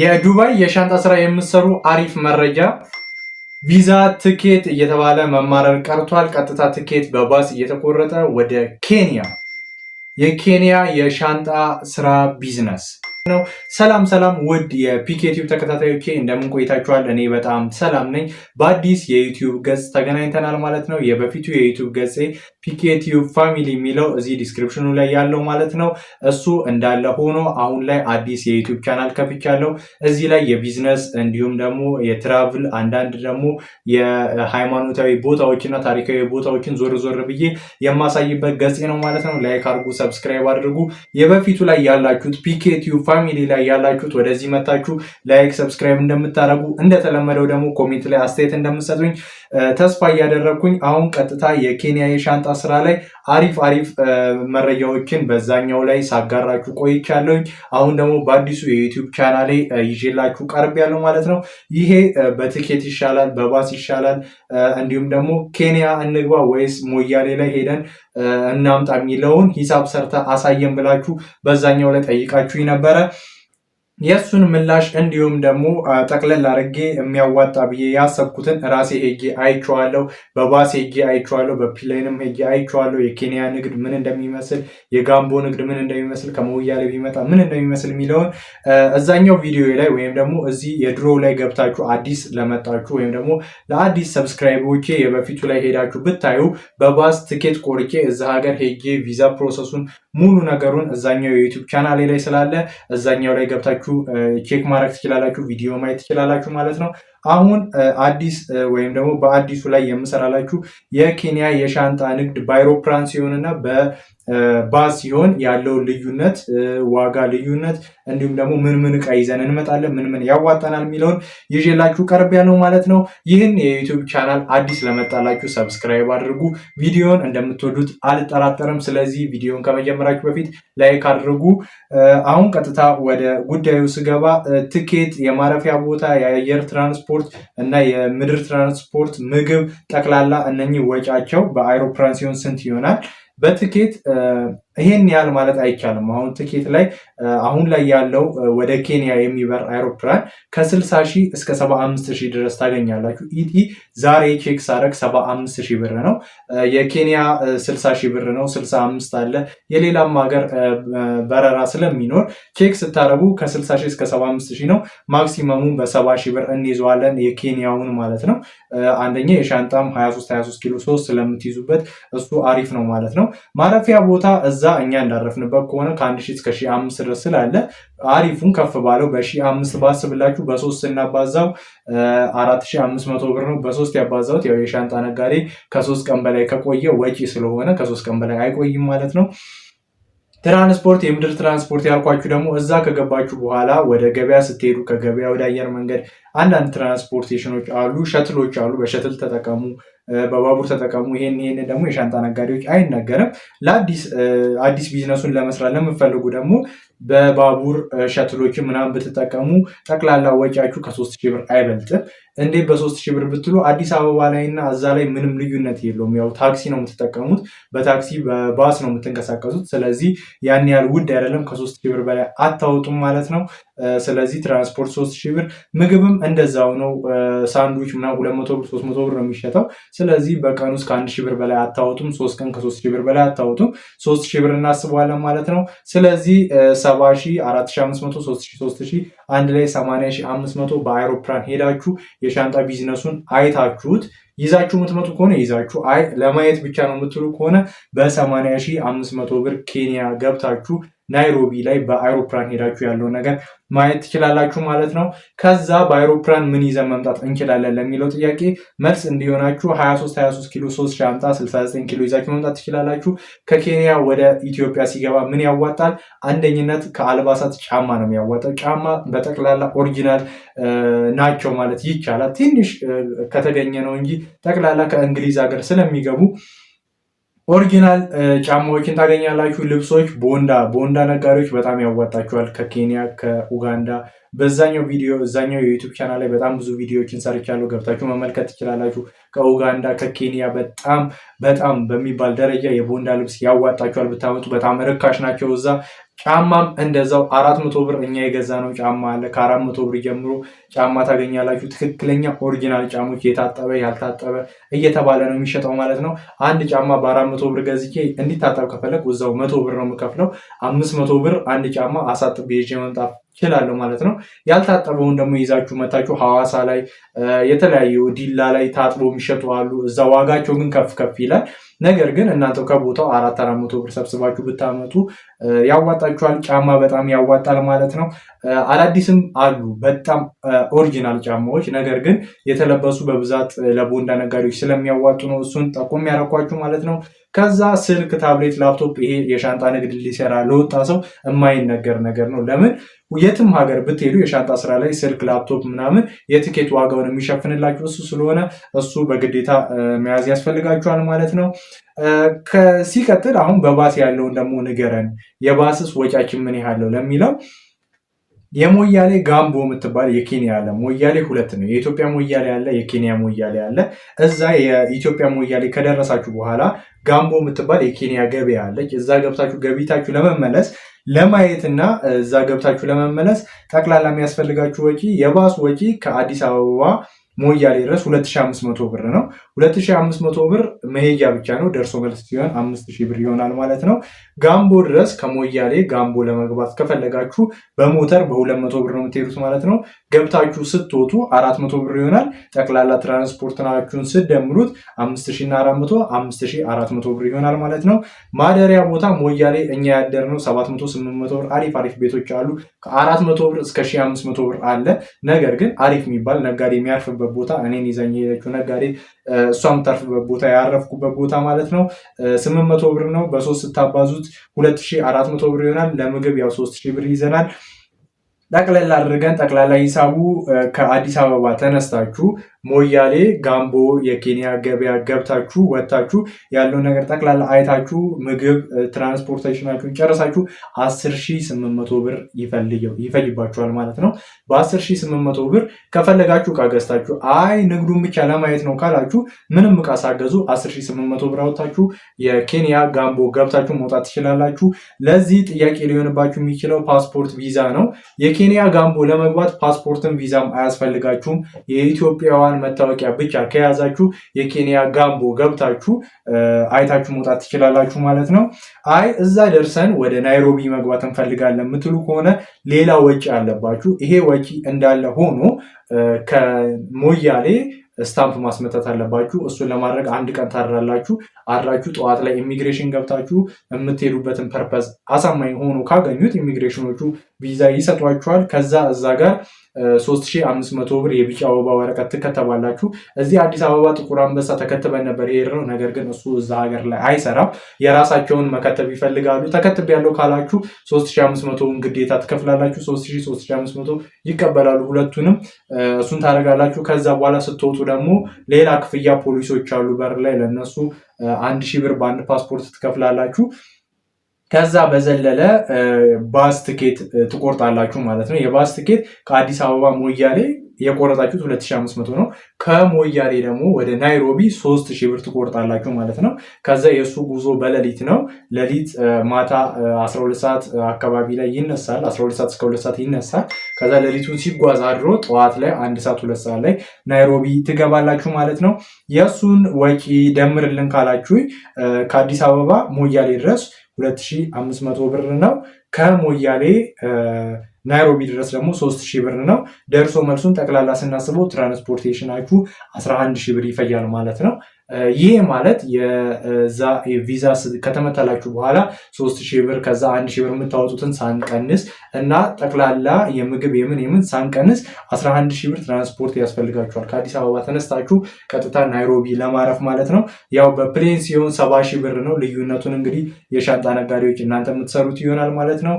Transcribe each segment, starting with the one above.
የዱባይ የሻንጣ ስራ የምትሰሩ አሪፍ መረጃ ቪዛ ትኬት እየተባለ መማረር ቀርቷል። ቀጥታ ትኬት በባስ እየተቆረጠ ወደ ኬንያ። የኬንያ የሻንጣ ስራ ቢዝነስ ነው። ሰላም ሰላም ውድ የፒኬ ተከታታዮቼ እንደምን ቆይታችኋል? እኔ በጣም ሰላም ነኝ። በአዲስ የዩቲዩብ ገጽ ተገናኝተናል ማለት ነው። የበፊቱ የዩቲዩብ ገጽ ፒኬቲዩብ ፋሚሊ የሚለው እዚህ ዲስክሪፕሽኑ ላይ ያለው ማለት ነው። እሱ እንዳለ ሆኖ አሁን ላይ አዲስ የዩቲዩብ ቻናል ከፍቻለሁ። እዚህ ላይ የቢዝነስ እንዲሁም ደግሞ የትራቭል አንዳንድ ደግሞ የሃይማኖታዊ ቦታዎችና ታሪካዊ ቦታዎችን ዞር ዞር ብዬ የማሳይበት ገጽ ነው ማለት ነው። ላይክ አድርጉ፣ ሰብስክራይብ አድርጉ። የበፊቱ ላይ ያላችሁት ፒኬ ፋሚሊ ላይ ያላችሁት ወደዚህ መታችሁ ላይክ፣ ሰብስክራይብ እንደምታደርጉ እንደተለመደው ደግሞ ኮሜንት ላይ አስተያየት እንደምትሰጡኝ ተስፋ እያደረግኩኝ አሁን ቀጥታ የኬንያ የሻንጣ ስራ ላይ አሪፍ አሪፍ መረጃዎችን በዛኛው ላይ ሳጋራችሁ ቆይቻለሁኝ። አሁን ደግሞ በአዲሱ የዩቲዩብ ቻናሌ ይዤላችሁ ቀርብ ያለው ማለት ነው። ይሄ በትኬት ይሻላል፣ በባስ ይሻላል፣ እንዲሁም ደግሞ ኬንያ እንግባ ወይስ ሞያሌ ላይ ሄደን እናምጣ የሚለውን ሂሳብ ሰርተ አሳየን ብላችሁ በዛኛው ላይ ጠይቃችሁ ነበረ። የእሱን ምላሽ እንዲሁም ደግሞ ጠቅለል አድርጌ የሚያዋጣ ብዬ ያሰብኩትን ራሴ ሄጌ አይቼዋለሁ። በባስ ሄጌ አይቼዋለሁ። በፕሌንም ሄጌ አይቼዋለሁ። የኬንያ ንግድ ምን እንደሚመስል፣ የጋምቦ ንግድ ምን እንደሚመስል፣ ከመውያሌ ቢመጣ ምን እንደሚመስል የሚለውን እዛኛው ቪዲዮ ላይ ወይም ደግሞ እዚህ የድሮ ላይ ገብታችሁ አዲስ ለመጣችሁ ወይም ደግሞ ለአዲስ ሰብስክራይቦቼ የበፊቱ ላይ ሄዳችሁ ብታዩ በባስ ትኬት ቆርጬ እዚ ሀገር ሄጌ ቪዛ ፕሮሰሱን ሙሉ ነገሩን እዛኛው የዩቱብ ቻናሌ ላይ ስላለ እዛኛው ላይ ገብታችሁ ገብታችሁ ቼክ ማድረግ ትችላላችሁ፣ ቪዲዮ ማየት ትችላላችሁ ማለት ነው። አሁን አዲስ ወይም ደግሞ በአዲሱ ላይ የምሰራላችሁ የኬንያ የሻንጣ ንግድ ባይሮፕራን ሲሆንና ባስ ሲሆን ያለውን ልዩነት ዋጋ ልዩነት እንዲሁም ደግሞ ምን ምን እቃ ይዘን እንመጣለን ምን ምን ያዋጣናል የሚለውን ይዤላችሁ ቀርብ ያለው ማለት ነው። ይህን የዩቱብ ቻናል አዲስ ለመጣላችሁ ሰብስክራይብ አድርጉ። ቪዲዮን እንደምትወዱት አልጠራጠርም። ስለዚህ ቪዲዮን ከመጀመራችሁ በፊት ላይክ አድርጉ። አሁን ቀጥታ ወደ ጉዳዩ ስገባ ትኬት፣ የማረፊያ ቦታ፣ የአየር ትራንስፖርት እና የምድር ትራንስፖርት፣ ምግብ ጠቅላላ እነኚህ ወጫቸው በአይሮፕላን ሲሆን ስንት ይሆናል በትኬት ይህን ያህል ማለት አይቻልም። አሁን ትኬት ላይ አሁን ላይ ያለው ወደ ኬንያ የሚበር አይሮፕላን ከ60 ሺህ እስከ 75 ሺህ ድረስ ታገኛላችሁ። ኢቲ ዛሬ ቼክ ሳረግ 75 ሺህ ብር ነው። የኬንያ 60 ሺህ ብር ነው። 65 አለ። የሌላም ሀገር በረራ ስለሚኖር ቼክ ስታረጉ ከ60 ሺህ እስከ 75 ሺህ ነው። ማክሲመሙን በ70 ሺህ ብር እንይዘዋለን። የኬንያውን ማለት ነው። አንደኛ የሻንጣም 23 23 ኪሎ 3 ስለምትይዙበት እሱ አሪፍ ነው ማለት ነው። ማረፊያ ቦታ ከዛ እኛ እንዳረፍንበት ከሆነ ከአንድ 1 እስከ ሺ አምስት ድረስ ስላለ አሪፉን ከፍ ባለው በሺ አምስት ባስብላችሁ በሶስት ስናባዛው አራት ሺ አምስት መቶ ብር ነው። በሶስት ያባዛሁት ያው የሻንጣ ነጋዴ ከሶስት ቀን በላይ ከቆየ ወጪ ስለሆነ ከሶስት ቀን በላይ አይቆይም ማለት ነው። ትራንስፖርት የምድር ትራንስፖርት ያልኳችሁ ደግሞ እዛ ከገባችሁ በኋላ ወደ ገበያ ስትሄዱ ከገበያ ወደ አየር መንገድ አንዳንድ ትራንስፖርቴሽኖች አሉ፣ ሸትሎች አሉ። በሸትል ተጠቀሙ። በባቡር ተጠቀሙ፣ ይሄን ይሄን ደግሞ የሻንጣ ነጋዴዎች አይነገርም። ለአዲስ አዲስ ቢዝነሱን ለመስራት ለምፈልጉ ደግሞ በባቡር ሸትሎችን ምናምን ብትጠቀሙ ጠቅላላ ወጪያችሁ ከሶስት ሺህ ብር አይበልጥም። እንዴት በሶስት ሺህ ብር ብትሉ አዲስ አበባ ላይ እና እዛ ላይ ምንም ልዩነት የለውም። ያው ታክሲ ነው የምትጠቀሙት፣ በታክሲ በባስ ነው የምትንቀሳቀሱት። ስለዚህ ያን ያህል ውድ አይደለም፣ ከሶስት ሺህ ብር በላይ አታወጡም ማለት ነው። ስለዚህ ትራንስፖርት ሶስት ሺህ ብር፣ ምግብም እንደዛው ነው። ሳንድዊች ምና ሁለት መቶ ብር ሶስት መቶ ብር ነው የሚሸጠው። ስለዚህ በቀን ውስጥ ከአንድ ሺህ ብር በላይ አታወጡም። ሶስት ቀን ከሶስት ሺህ ብር በላይ አታወጡም። ሶስት ሺህ ብር እናስበዋለን ማለት ነው። ስለዚህ ሰባ ሺህ አራት ሺህ አምስት መቶ ሶስት ሺህ ሶስት ሺህ አንድ ላይ ሰማንያ ሺህ አምስት መቶ በአይሮፕላን ሄዳችሁ የሻንጣ ቢዝነሱን አይታችሁት ይዛችሁ የምትመጡ ከሆነ ይዛችሁ አይ ለማየት ብቻ ነው የምትሉ ከሆነ በ80500 ብር ኬንያ ገብታችሁ ናይሮቢ ላይ በአይሮፕላን ሄዳችሁ ያለው ነገር ማየት ትችላላችሁ ማለት ነው። ከዛ በአይሮፕላን ምን ይዘን መምጣት እንችላለን ለሚለው ጥያቄ መልስ እንዲሆናችሁ 23 23 ኪሎ 69 ኪሎ ይዛችሁ መምጣት ትችላላችሁ። ከኬንያ ወደ ኢትዮጵያ ሲገባ ምን ያዋጣል? አንደኝነት ከአልባሳት ጫማ ነው የሚያዋጣው። ጫማ በጠቅላላ ኦሪጂናል ናቸው ማለት ይቻላል። ትንሽ ከተገኘ ነው እንጂ ጠቅላላ ከእንግሊዝ ሀገር ስለሚገቡ ኦሪጂናል ጫማዎችን ታገኛላችሁ። ልብሶች ቦንዳ ቦንዳ ነጋዴዎች በጣም ያዋጣችኋል። ከኬንያ ከኡጋንዳ በዛኛው ቪዲዮ እዛኛው የዩቱብ ቻናል ላይ በጣም ብዙ ቪዲዮዎችን ሰርቻለሁ። ገብታችሁ መመልከት ትችላላችሁ። ከኡጋንዳ ከኬንያ በጣም በጣም በሚባል ደረጃ የቦንዳ ልብስ ያዋጣችኋል ብታመጡ፣ በጣም ርካሽ ናቸው እዛ። ጫማም እንደዛው አራት መቶ ብር እኛ የገዛ ነው ጫማ አለ። ከአራት መቶ ብር ጀምሮ ጫማ ታገኛላችሁ። ትክክለኛ ኦሪጂናል ጫሞች የታጠበ ያልታጠበ እየተባለ ነው የሚሸጠው ማለት ነው። አንድ ጫማ በአራት መቶ ብር ገዝቼ እንዲታጠብ ከፈለግ እዛው መቶ ብር ነው የምከፍለው። አምስት መቶ ብር አንድ ጫማ አሳጥቤ ይዤ መምጣት ይችላለሁ ማለት ነው። ያልታጠበውን ደግሞ ይዛችሁ መታችሁ ሐዋሳ ላይ የተለያዩ ዲላ ላይ ታጥቦ የሚሸጡ አሉ። እዛ ዋጋቸው ግን ከፍ ከፍ ይላል። ነገር ግን እናንተ ከቦታው አራት አራት መቶ ብር ሰብስባችሁ ብታመጡ ያዋጣችኋል። ጫማ በጣም ያዋጣል ማለት ነው። አዳዲስም አሉ በጣም ኦሪጂናል ጫማዎች፣ ነገር ግን የተለበሱ በብዛት ለቦንዳ ነጋዴዎች ስለሚያዋጡ ነው እሱን ጠቆም ያረኳችሁ ማለት ነው። ከዛ ስልክ፣ ታብሌት፣ ላፕቶፕ ይሄ የሻንጣ ንግድ ሊሰራ ለወጣ ሰው የማይነገር ነገር ነው። ለምን የትም ሀገር ብትሄዱ የሻንጣ ስራ ላይ ስልክ፣ ላፕቶፕ ምናምን የትኬት ዋጋውን የሚሸፍንላችሁ እሱ ስለሆነ እሱ በግዴታ መያዝ ያስፈልጋችኋል ማለት ነው። ሲቀጥል አሁን በባስ ያለውን ደግሞ ንገረን፣ የባስስ ወጫችን ምን ያህል ነው ለሚለው የሞያሌ ጋምቦ የምትባል የኬንያ አለ። ሞያሌ ሁለት ነው። የኢትዮጵያ ሞያሌ አለ፣ የኬንያ ሞያሌ አለ። እዛ የኢትዮጵያ ሞያሌ ከደረሳችሁ በኋላ ጋምቦ የምትባል የኬንያ ገበያ አለች። እዛ ገብታችሁ ገቢታችሁ ለመመለስ ለማየትና እዛ ገብታችሁ ለመመለስ ጠቅላላ የሚያስፈልጋችሁ ወጪ የባስ ወጪ ከአዲስ አበባ ሞያሌ ድረስ 2500 ብር ነው። 2500 ብር መሄጃ ብቻ ነው። ደርሶ መልስ ሲሆን 5000 ብር ይሆናል ማለት ነው። ጋምቦ ድረስ ከሞያሌ ጋምቦ ለመግባት ከፈለጋችሁ በሞተር በ200 ብር ነው የምትሄዱት ማለት ነው። ገብታችሁ ስትወጡ 400 ብር ይሆናል። ጠቅላላ ትራንስፖርትናችሁን ስደምሩት 5000 እና 400 5400 ብር ይሆናል ማለት ነው። ማደሪያ ቦታ ሞያሌ እኛ ያደርነው 700 800 ብር አሪፍ አሪፍ ቤቶች አሉ። ከ400 ብር እስከ 1500 ብር አለ። ነገር ግን አሪፍ የሚባል ነጋዴ የሚያርፍ ያረፍኩበት ቦታ እኔን ይዘኝ የሄደችው ነጋዴ እሷ የምታርፍበት ቦታ ያረፍኩበት ቦታ ማለት ነው። ስምንት መቶ ብር ነው። በሶስት ስታባዙት ሁለት ሺህ አራት መቶ ብር ይሆናል። ለምግብ ያው ሶስት ሺህ ብር ይዘናል። ጠቅላላ አድርገን ጠቅላላ ሂሳቡ ከአዲስ አበባ ተነስታችሁ ሞያሌ ጋምቦ የኬንያ ገበያ ገብታችሁ ወጥታችሁ ያለውን ነገር ጠቅላላ አይታችሁ ምግብ ትራንስፖርቴሽናችሁን ጨረሳችሁ አስር ሺ ስምንት መቶ ብር ማለት ነው። በ ሺ ብር ከፈለጋችሁ እቃ ገዝታችሁ አይ ንግዱን ብቻ ለማየት ነው ካላችሁ ምንም እቃ ሳገዙ አስር ብር አወጥታችሁ የኬንያ ጋምቦ ገብታችሁ መውጣት ትችላላችሁ። ለዚህ ጥያቄ ሊሆንባችሁ የሚችለው ፓስፖርት ቪዛ ነው። የኬንያ ጋምቦ ለመግባት ፓስፖርትን ቪዛም አያስፈልጋችሁም። የኢትዮጵያ የኬንያን መታወቂያ ብቻ ከያዛችሁ የኬንያ ጋምቦ ገብታችሁ አይታችሁ መውጣት ትችላላችሁ ማለት ነው። አይ እዛ ደርሰን ወደ ናይሮቢ መግባት እንፈልጋለን የምትሉ ከሆነ ሌላ ወጪ አለባችሁ። ይሄ ወጪ እንዳለ ሆኖ ከሞያሌ ስታምፕ ማስመጠት አለባችሁ። እሱን ለማድረግ አንድ ቀን ታድራላችሁ። አድራችሁ ጠዋት ላይ ኢሚግሬሽን ገብታችሁ የምትሄዱበትን ፐርፐዝ አሳማኝ ሆኖ ካገኙት ኢሚግሬሽኖቹ ቪዛ ይሰጧችኋል። ከዛ እዛ ጋር 3500 ብር የቢጫ አበባ ወረቀት ትከተባላችሁ። እዚህ አዲስ አበባ ጥቁር አንበሳ ተከትበን ነበር የሄድነው። ነገር ግን እሱ እዛ ሀገር ላይ አይሰራም። የራሳቸውን መከተብ ይፈልጋሉ። ተከትብ ያለው ካላችሁ 3500ን ግዴታ ትከፍላላችሁ። 3500 ይቀበላሉ ሁለቱንም። እሱን ታደርጋላችሁ። ከዛ በኋላ ስትወጡ ደግሞ ሌላ ክፍያ ፖሊሶች አሉ በር ላይ ለእነሱ አንድ ሺህ ብር በአንድ ፓስፖርት ትከፍላላችሁ። ከዛ በዘለለ ባስ ትኬት ትቆርጣላችሁ ማለት ነው። የባስ ትኬት ከአዲስ አበባ ሞያሌ የቆረጣችሁት 2500 ነው። ከሞያሌ ደግሞ ወደ ናይሮቢ 3000 ብር ትቆርጣላችሁ ማለት ነው። ከዛ የእሱ ጉዞ በሌሊት ነው። ሌሊት ማታ 12 ሰዓት አካባቢ ላይ ይነሳል። 12 ሰዓት እስከ 2 ሰዓት ይነሳል። ከዛ ሌሊቱን ሲጓዝ አድሮ ጠዋት ላይ 1 ሰዓት 2 ሰዓት ላይ ናይሮቢ ትገባላችሁ ማለት ነው። የእሱን ወጪ ደምርልን ካላችሁ ከአዲስ አበባ ሞያሌ ድረስ 2500 ብር ነው። ከሞያሌ ናይሮቢ ድረስ ደግሞ 3000 ብር ነው። ደርሶ መልሱን ጠቅላላ ስናስበው ትራንስፖርቴሽናችሁ 11000 ብር ይፈያል ማለት ነው። ይህ ማለት ቪዛ ከተመታላችሁ በኋላ ሶስት ሺህ ብር ከዛ አንድ ሺህ ብር የምታወጡትን ሳንቀንስ እና ጠቅላላ የምግብ የምን የምን ሳንቀንስ 11 ሺህ ብር ትራንስፖርት ያስፈልጋችኋል። ከአዲስ አበባ ተነስታችሁ ቀጥታ ናይሮቢ ለማረፍ ማለት ነው። ያው በፕሌን ሲሆን ሰባ ሺህ ብር ነው። ልዩነቱን እንግዲህ የሻንጣ ነጋዴዎች እናንተ የምትሰሩት ይሆናል ማለት ነው።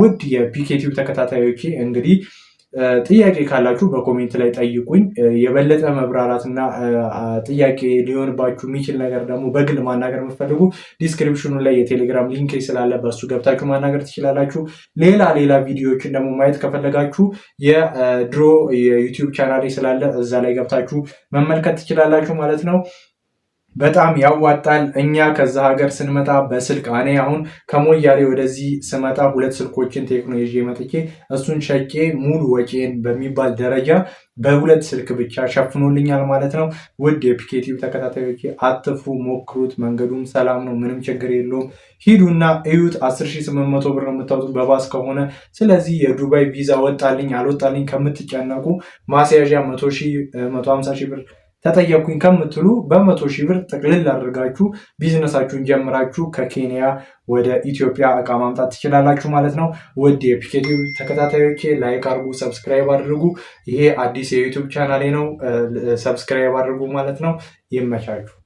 ውድ የፒኬቲቭ ተከታታዮች እንግዲህ ጥያቄ ካላችሁ በኮሜንት ላይ ጠይቁኝ። የበለጠ መብራራትና ጥያቄ ሊሆንባችሁ የሚችል ነገር ደግሞ በግል ማናገር የምትፈልጉ ዲስክሪፕሽኑ ላይ የቴሌግራም ሊንክ ስላለ በሱ ገብታችሁ ማናገር ትችላላችሁ። ሌላ ሌላ ቪዲዮዎችን ደግሞ ማየት ከፈለጋችሁ የድሮ የዩቲዩብ ቻናሌ ስላለ እዛ ላይ ገብታችሁ መመልከት ትችላላችሁ ማለት ነው። በጣም ያዋጣል። እኛ ከዛ ሀገር ስንመጣ በስልክ እኔ አሁን ከሞያሌ ወደዚህ ስመጣ ሁለት ስልኮችን ቴክኖ ይዤ መጥቼ እሱን ሸጬ ሙሉ ወጪን በሚባል ደረጃ በሁለት ስልክ ብቻ ሸፍኖልኛል ማለት ነው። ውድ የፒኬቲቭ ተከታታዮች አትፉ ሞክሩት። መንገዱም ሰላም ነው፣ ምንም ችግር የለውም። ሂዱና እዩት። 10800 ብር ነው የምታወጡት በባስ ከሆነ። ስለዚህ የዱባይ ቪዛ ወጣልኝ አልወጣልኝ ከምትጨነቁ ማስያዣ 150 ብር ተጠየቅኩኝ ከምትሉ በመቶ ሺህ ብር ጥቅልል አድርጋችሁ ቢዝነሳችሁን ጀምራችሁ ከኬንያ ወደ ኢትዮጵያ እቃ ማምጣት ትችላላችሁ ማለት ነው። ውድ የፒኬቲ ተከታታዮቼ ላይክ አድርጉ፣ ሰብስክራይብ አድርጉ። ይሄ አዲስ የዩቱብ ቻናሌ ነው። ሰብስክራይብ አድርጉ ማለት ነው። ይመቻችሁ።